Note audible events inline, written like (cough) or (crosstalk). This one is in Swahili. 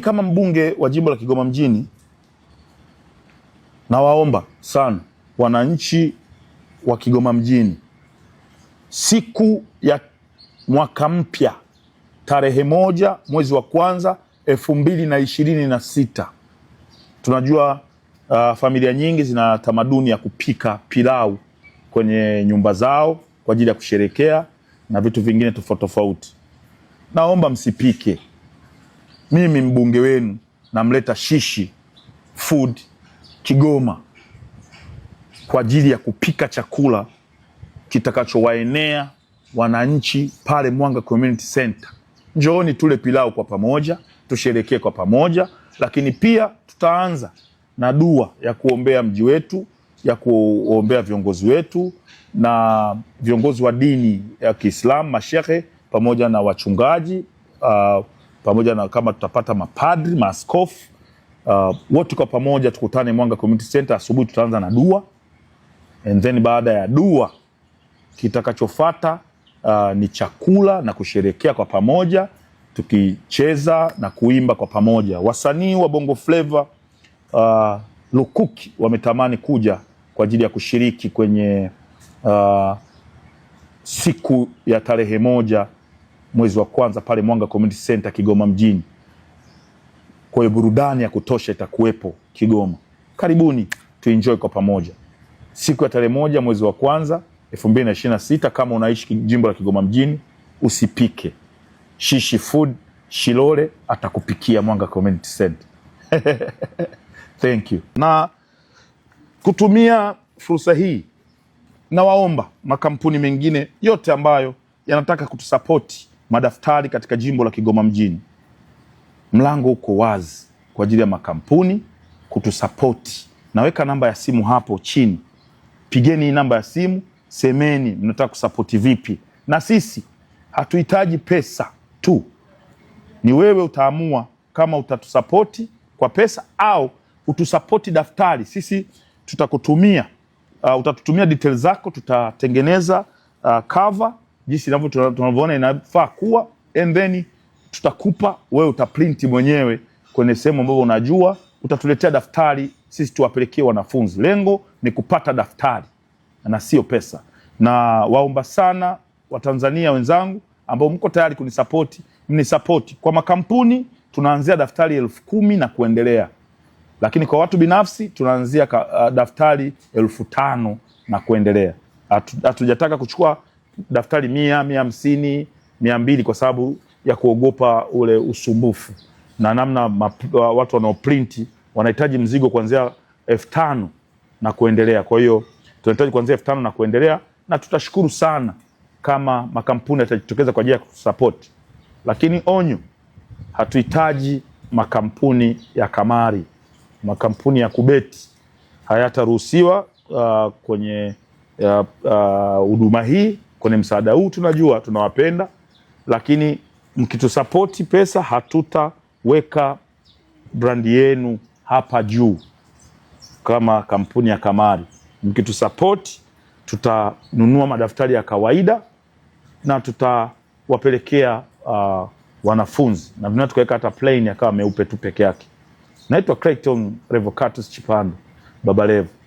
Kama mbunge wa jimbo la Kigoma mjini, nawaomba sana wananchi wa Kigoma mjini, siku ya mwaka mpya tarehe moja mwezi wa kwanza elfu mbili na ishirini na sita tunajua uh, familia nyingi zina tamaduni ya kupika pilau kwenye nyumba zao kwa ajili ya kusherekea na vitu vingine tofauti tofauti. Naomba msipike mimi mbunge wenu namleta Shishi Food Kigoma kwa ajili ya kupika chakula kitakachowaenea wananchi pale Mwanga Community Center. Njooni tule pilau kwa pamoja, tusherekee kwa pamoja, lakini pia tutaanza na dua ya kuombea mji wetu, ya kuombea viongozi wetu na viongozi wa dini ya Kiislamu, mashehe pamoja na wachungaji uh, pamoja na kama tutapata mapadri, maaskofu uh, wote kwa pamoja tukutane Mwanga Community Center asubuhi. Tutaanza na dua and then baada ya dua kitakachofuata uh, ni chakula na kusherekea kwa pamoja tukicheza na kuimba kwa pamoja. Wasanii wa Bongo Flava uh, lukuki wametamani kuja kwa ajili ya kushiriki kwenye uh, siku ya tarehe moja mwezi wa kwanza pale Mwanga Community Center Kigoma mjini. Kwa hiyo burudani ya kutosha itakuwepo Kigoma. Karibuni tuenjoy kwa pamoja siku ya tarehe moja mwezi wa kwanza elfu mbili na ishirini na sita. Kama unaishi jimbo la Kigoma mjini usipike. Shishi Food Shilole atakupikia Mwanga Community Center. (laughs) Thank you. Na kutumia fursa hii nawaomba makampuni mengine yote ambayo yanataka kutusapoti madaftari katika jimbo la Kigoma mjini, mlango uko wazi kwa ajili ya makampuni kutusapoti. Naweka namba ya simu hapo chini, pigeni hii namba ya simu, semeni mnataka kusapoti vipi. Na sisi hatuhitaji pesa tu, ni wewe utaamua kama utatusapoti kwa pesa au utusapoti daftari. Sisi tutakutumia uh, utatutumia details zako, tutatengeneza uh, cover jinsi inavyo tunavyoona inafaa kuwa, and then tutakupa wewe, utaprinti mwenyewe kwenye sehemu ambayo unajua, utatuletea daftari sisi tuwapelekee wanafunzi. Lengo ni kupata daftari na sio pesa, na waomba sana Watanzania wenzangu ambao mko tayari kunisapoti, mnisapoti. Kwa makampuni tunaanzia daftari elfu kumi na kuendelea, lakini kwa watu binafsi tunaanzia uh, daftari elfu tano na kuendelea. Hatujataka kuchukua daftari mia, mia hamsini, mia mbili kwa sababu ya kuogopa ule usumbufu na namna map, uh, watu wanaoprinti wanahitaji mzigo kuanzia elfu tano na kuendelea. Kwa hiyo tunahitaji kuanzia elfu tano na kuendelea, na tutashukuru sana kama makampuni yatajitokeza kwa ajili ya kutusapoti, lakini onyo, hatuhitaji makampuni ya kamari. Makampuni ya kubeti hayataruhusiwa uh, kwenye huduma uh, uh, hii kwenye msaada huu, tunajua tunawapenda, lakini mkitusapoti pesa, hatutaweka brandi yenu hapa juu kama kampuni ya kamari. Mkitusapoti tutanunua madaftari ya kawaida na tutawapelekea uh, wanafunzi na vina tukaweka hata plane yakawa meupe tu peke yake. Naitwa Clayton Revocatus Chipando Baba Levo.